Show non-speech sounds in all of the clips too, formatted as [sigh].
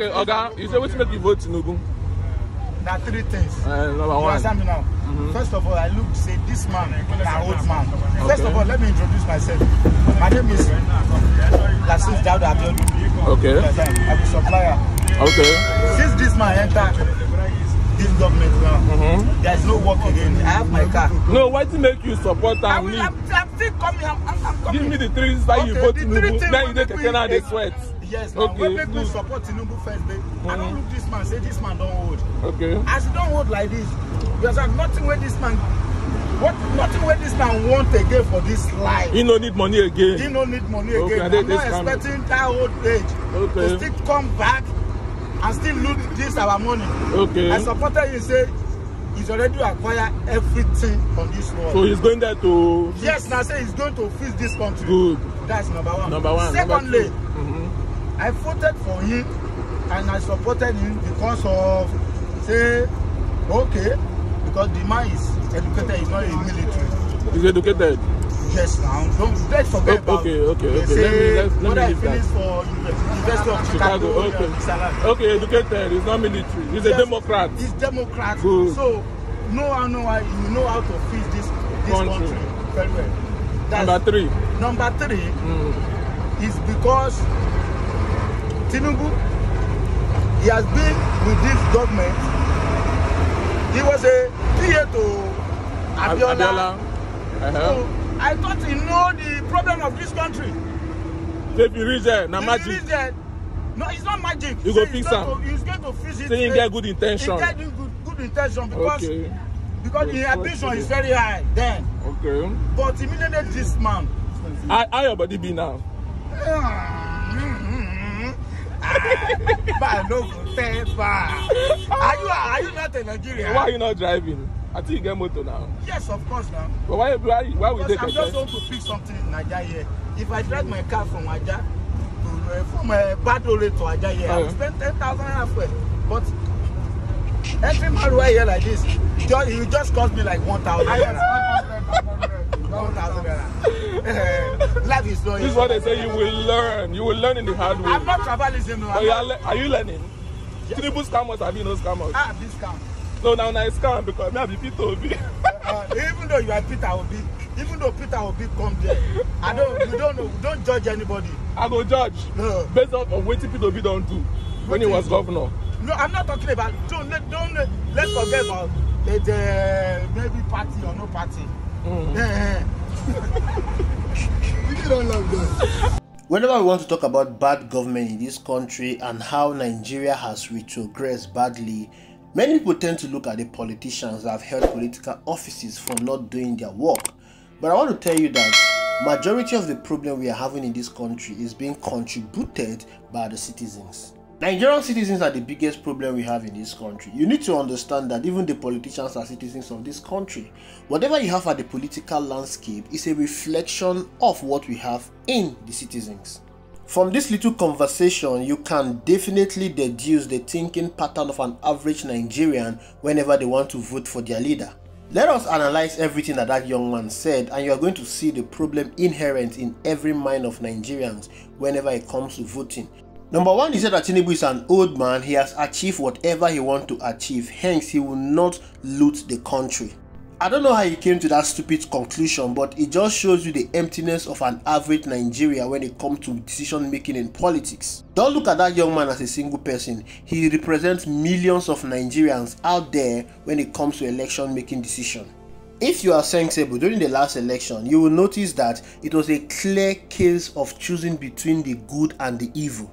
Okay, Oga, you say wetin make you vote Tinubu? Na three things. Uh, number one. now? Mm -hmm. First of all, I look say this man na old man. Okay. First of all, let me introduce myself. My name is Lasif Dauda Abiodun. Okay. I'm a supplier. Okay. Since this man enter this government now, mm -hmm. there no work again. I have my car. No, wetin make you support am? I will. I'm, I'm still coming. I'm, I'm coming. Give me the three things why okay, you vote Tinubu. Now you dey keke na dey sweat years now okay. wey make me support tinubu first day i don't look mm-hmm. this man say this man don't hold okay. as he don't hold like this, there's like nothing where this man what nothing where this man want again for this life he no need money again he no need money again okay, i'm not expecting that old age okay. to still come back and still loot this our money okay. i supported you say he's already acquired everything on this world. So he's going there to. Yes, now say he's going to fix this country. Good. That's number one. Number one. Secondly, number two. mm -hmm. I voted for him and I supported him because of, say, okay, because the man is educated, he's not a military. He's educated? Yes, now. Don't, let's forget oh, about Okay, okay, okay. Say, let me, let, let me I leave that. for University of Chicago. Chicago okay. okay, educated, he's not military. He's yes, a Democrat. He's Democrat. Good. So, no how, know how, you know how to fix this, this country. country very well. That's number three. Number three mm. is because Tinubu, he has been with this government. He was a PA to Abiola. Abiola. Uh -huh. so I thought he know the problem of this country. So if you reach there, na magic. reach there, no, it's not magic. You go fix am. He's going to fix it. Say he get good intention. He get good, good intention because okay. because yes, the ambition is very high then. Okay. But immediately this man. How, how your body be now? Yeah. Balogun Teva. Are you are you not a Nigerian? Why are you not driving? I think you get motor now. Yes, of course now. But why why why would they? Because I'm just going to pick something in Naija here. If I drive my car from Aja to uh, from uh, Badole to Aja here, oh, yeah. I uh-huh. spend ten thousand naira But every Maruwa here like this, just, it will just cost me like one thousand naira. [laughs] One [laughs] eh, Life is not. This is what they say. You will learn. You will learn in the hard way. I'm not traveling. No, you are, le- are you learning? Yes. Triple scammers have been no scammers. Ah, this scam. No, now now scam because me I be Peter Obi. [laughs] uh, even though you are Peter Obi, even though Peter Obi come there, I don't. You don't know. don't judge anybody. I go judge. No. Based on what Peter Obi don't do when he was governor. No, I'm not talking about. Don't let don't let, let's forget about the, the maybe party or no party. Mm. Eh, eh. we that. Whenever we want to talk about bad government in this country and how Nigeria has retrogressed badly, many people tend to look at the politicians that have held political offices for not doing their work. But I want to tell you that majority of the problem we are having in this country is being contributed by the citizens. Nigerian citizens are the biggest problem we have in this country. You need to understand that even the politicians are citizens of this country. Whatever you have at the political landscape is a reflection of what we have in the citizens. From this little conversation, you can definitely deduce the thinking pattern of an average Nigerian whenever they want to vote for their leader. Let us analyze everything that that young man said and you are going to see the problem inherent in every mind of Nigerians whenever it comes to voting. Number one, he said that Tinubu is an old man. He has achieved whatever he wants to achieve. Hence, he will not loot the country. I don't know how he came to that stupid conclusion, but it just shows you the emptiness of an average Nigeria when it comes to decision making in politics. Don't look at that young man as a single person. He represents millions of Nigerians out there when it comes to election making decision. If you are sensible during the last election, you will notice that it was a clear case of choosing between the good and the evil.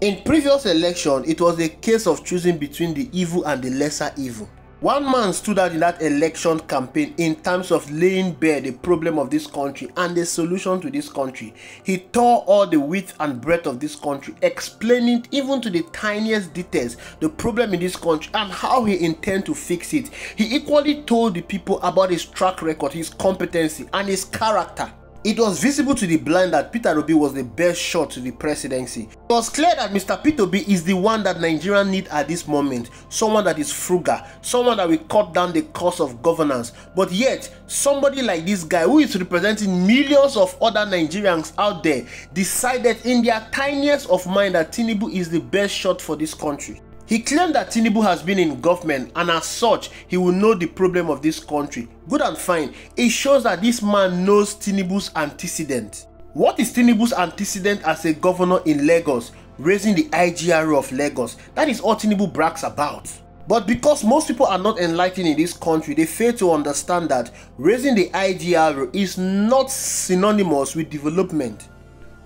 In previous election, it was a case of choosing between the evil and the lesser evil. One man stood out in that election campaign in terms of laying bare the problem of this country and the solution to this country. He tore all the width and breadth of this country, explaining even to the tiniest details the problem in this country and how he intends to fix it. He equally told the people about his track record, his competency, and his character. It was visible to the blind that Peter Obi was the best shot to the presidency. It was clear that Mr. Peter Obi is the one that Nigerians need at this moment, someone that is frugal, someone that will cut down the cost of governance. But yet, somebody like this guy who is representing millions of other Nigerians out there decided in their tiniest of mind that Tinubu is the best shot for this country. He claimed that Tinubu has been in government and as such, he will know the problem of this country. Good and fine, it shows that this man knows Tinubu's antecedent. What is Tinubu's antecedent as a governor in Lagos, raising the IGR of Lagos? That is all Tinubu brags about. But because most people are not enlightened in this country, they fail to understand that raising the IGR is not synonymous with development.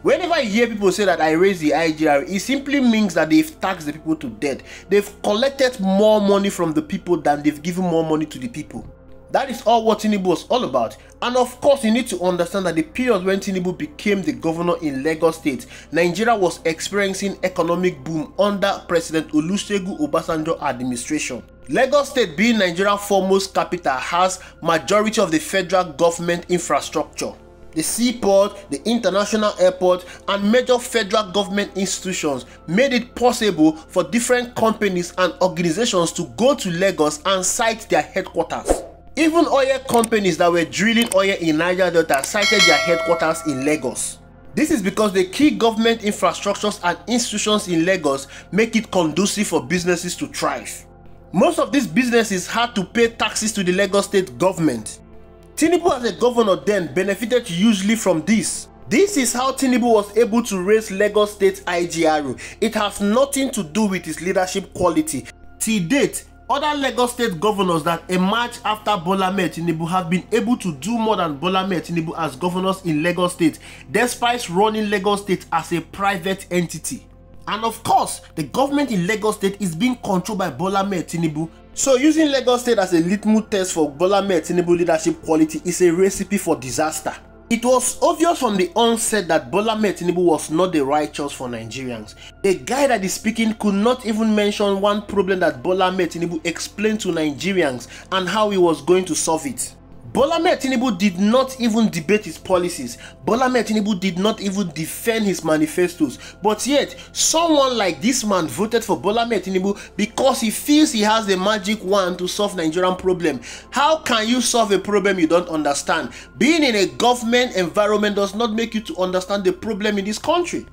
Whenever I hear people say that I raised the IGR, it simply means that they've taxed the people to death. They've collected more money from the people than they've given more money to the people. That is all what Tinubu was all about. And of course, you need to understand that the period when Tinubu became the governor in Lagos State, Nigeria was experiencing economic boom under President Olusegun Obasanjo administration. Lagos State being Nigeria's foremost capital has majority of the federal government infrastructure. the seaport, the international airport, and major federal government institutions made it possible for different companies and organizations to go to Lagos and site their headquarters. Even oil companies that were drilling oil in Niger Delta cited their headquarters in Lagos. This is because the key government infrastructures and institutions in Lagos make it conducive for businesses to thrive. Most of these businesses had to pay taxes to the Lagos state government. Tinubu as a governor then benefited hugely from this. This is how Tinubu was able to raise Lagos State IGRU. It has nothing to do with his leadership quality. To date, other Lagos State governors that emerged after Bola Tinubu have been able to do more than Bola Tinubu as governors in Lagos State, despite running Lagos State as a private entity. And of course, the government in Lagos State is being controlled by Bola Tinubu So using Lagos State as a litmus test for Bola Ahmed Tinubu leadership quality is a recipe for disaster. It was obvious from the onset that Bola Ahmed Tinubu was not the right choice for Nigerians. The guy that is speaking could not even mention one problem that Bola Ahmed Tinubu explained to Nigerians and how he was going to solve it. Bola Ahmed Tinubu did not even debate his policies. Bola Ahmed Tinubu did not even defend his manifestos. But yet, someone like this man voted for Bola Ahmed Tinubu because he feels he has the magic wand to solve Nigerian problem. How can you solve a problem you don't understand? Being in a government environment does not make you to understand the problem in this country.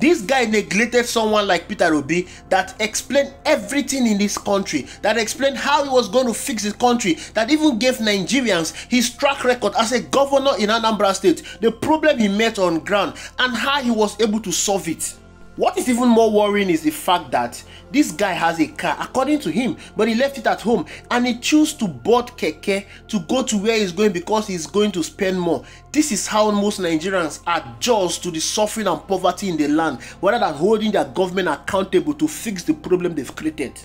This guy neglected someone like Peter Obi that explained everything in this country, that explained how he was going to fix his country, that even gave Nigerians his track record as a governor in Anambra State, the problem he met on ground, and how he was able to solve it. What is even more worrying is the fact that this guy has a car according to him but he left it at home and he chose to board keke to go to where he's going because he's going to spend more this is how most nigerians adjust to the suffering and poverty in the land rather than holding their government accountable to fix the problem they've created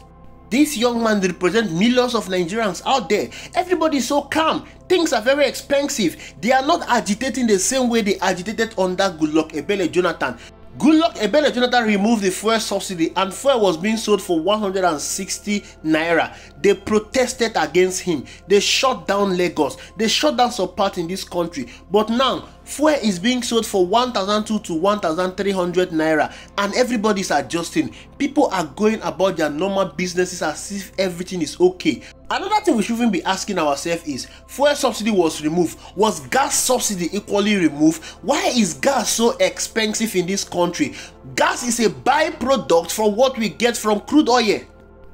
this young man represents millions of Nigerians out there. Everybody is so calm. Things are very expensive. They are not agitating the same way they agitated under Goodluck Ebele Jonathan. Goodluck Ebele Jonathan removed the fuel subsidy and fuel was being sold for 160 naira. They protested against him. They shut down Lagos. They shut down some part in this country. But now, fuel is being sold for 1002 to 1300 naira and everybody is adjusting people are going about their normal businesses as if everything is okay another thing we shouldn't be asking ourselves is fuel subsidy was removed was gas subsidy equally removed why is gas so expensive in this country gas is a byproduct from what we get from crude oil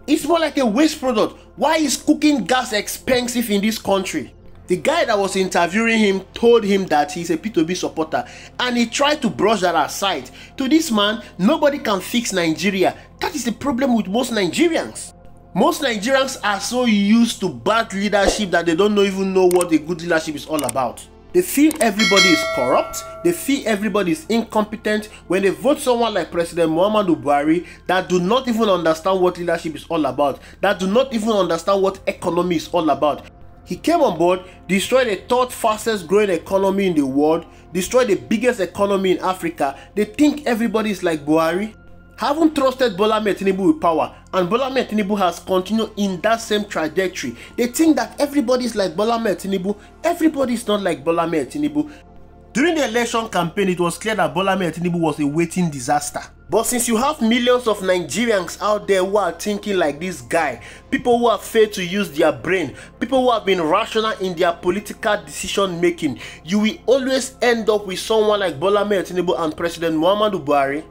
it's more like a waste product why is cooking gas expensive in this country the guy that was interviewing him told him that he's a P2B supporter and he tried to brush that aside. To this man, nobody can fix Nigeria. That is the problem with most Nigerians. Most Nigerians are so used to bad leadership that they don't even know what a good leadership is all about. They feel everybody is corrupt, they feel everybody is incompetent when they vote someone like President Muhammadu Buhari that do not even understand what leadership is all about, that do not even understand what economy is all about, He came on board, destroyed the third fastest growing economy in the world, destroyed the biggest economy in Africa. They think everybody is like Buhari. Haven't trusted Bola Tinubu with power, and Bola Tinubu has continued in that same trajectory, they think that everybody is like Bola Tinubu. Everybody is not like Bola Tinubu. During the election campaign, it was clear that Bola Tinubu was a waiting disaster. But since you have millions of Nigerians out there who are thinking like this guy, people who have failed to use their brain, people who have been rational in their political decision making, you will always end up with someone like Bola Tinubu and President Muhammadu Buhari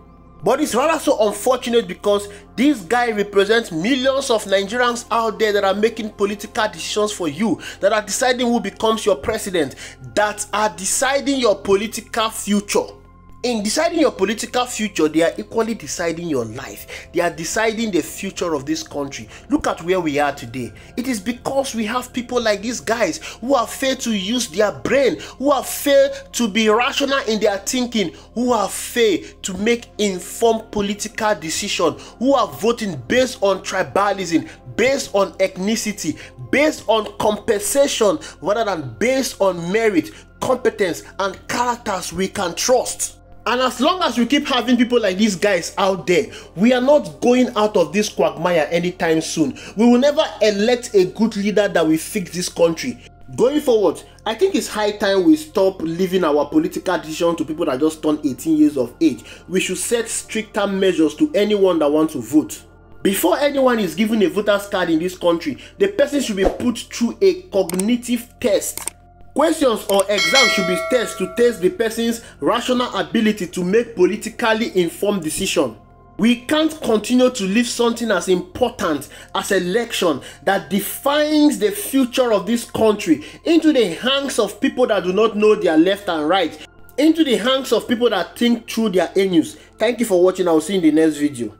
But it's rather so unfortunate because this guy represents millions of Nigerians out there that are making political decisions for you, that are deciding who becomes your president, that are deciding your political future in deciding your political future they are equally deciding your life they are deciding the future of this country look at where we are today it is because we have people like these guys who have failed to use their brain who have failed to be rational in their thinking who have failed to make informed political decision who are voting based on tribalism based on ethnicity based on compensation rather than based on merit competence and characters we can trust And as long as we keep having people like these guys out there, we are not going out of this quagmire anytime soon. We will never elect a good leader that will fix this country. Going forward, I think it's high time we stop leaving our political decision to people that just turned 18 years of age. We should set stricter measures to anyone that wants to vote. Before anyone is given a voter's card in this country, the person should be put through a cognitive test Questions or exams should be tests to test the person's rational ability to make politically informed decisions. We can't continue to leave something as important as election that defines the future of this country into the hands of people that do not know their left and right, into the hands of people that think through their anus. Thank you for watching. I'll see you in the next video.